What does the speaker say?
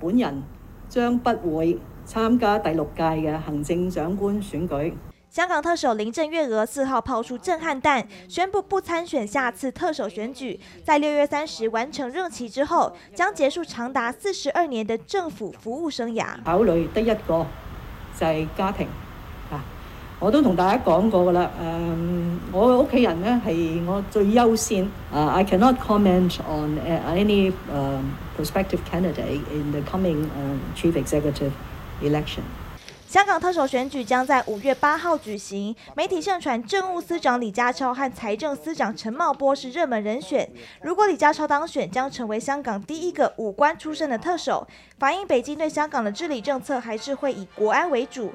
本人將不會參加第六屆嘅行政長官選舉。香港特首林鄭月娥四號拋出震撼彈，宣布不參選下次特首選舉，在六月三十完成任期之後，將結束長達四十二年的政府服務生涯。考慮得一個就係家庭啊。我都同大家講過噶啦，誒、嗯，我嘅屋企人呢係我最優先。啊、uh，I cannot comment on any 誒 prospective candidate in the coming chief executive election。香港特首選舉將在五月八號舉行，媒體盛傳政務司長李家超和財政司長陳茂波是熱門人選。如果李家超當選，將成為香港第一個武官出身的特首，反映北京對香港的治理政策，還是會以國安為主。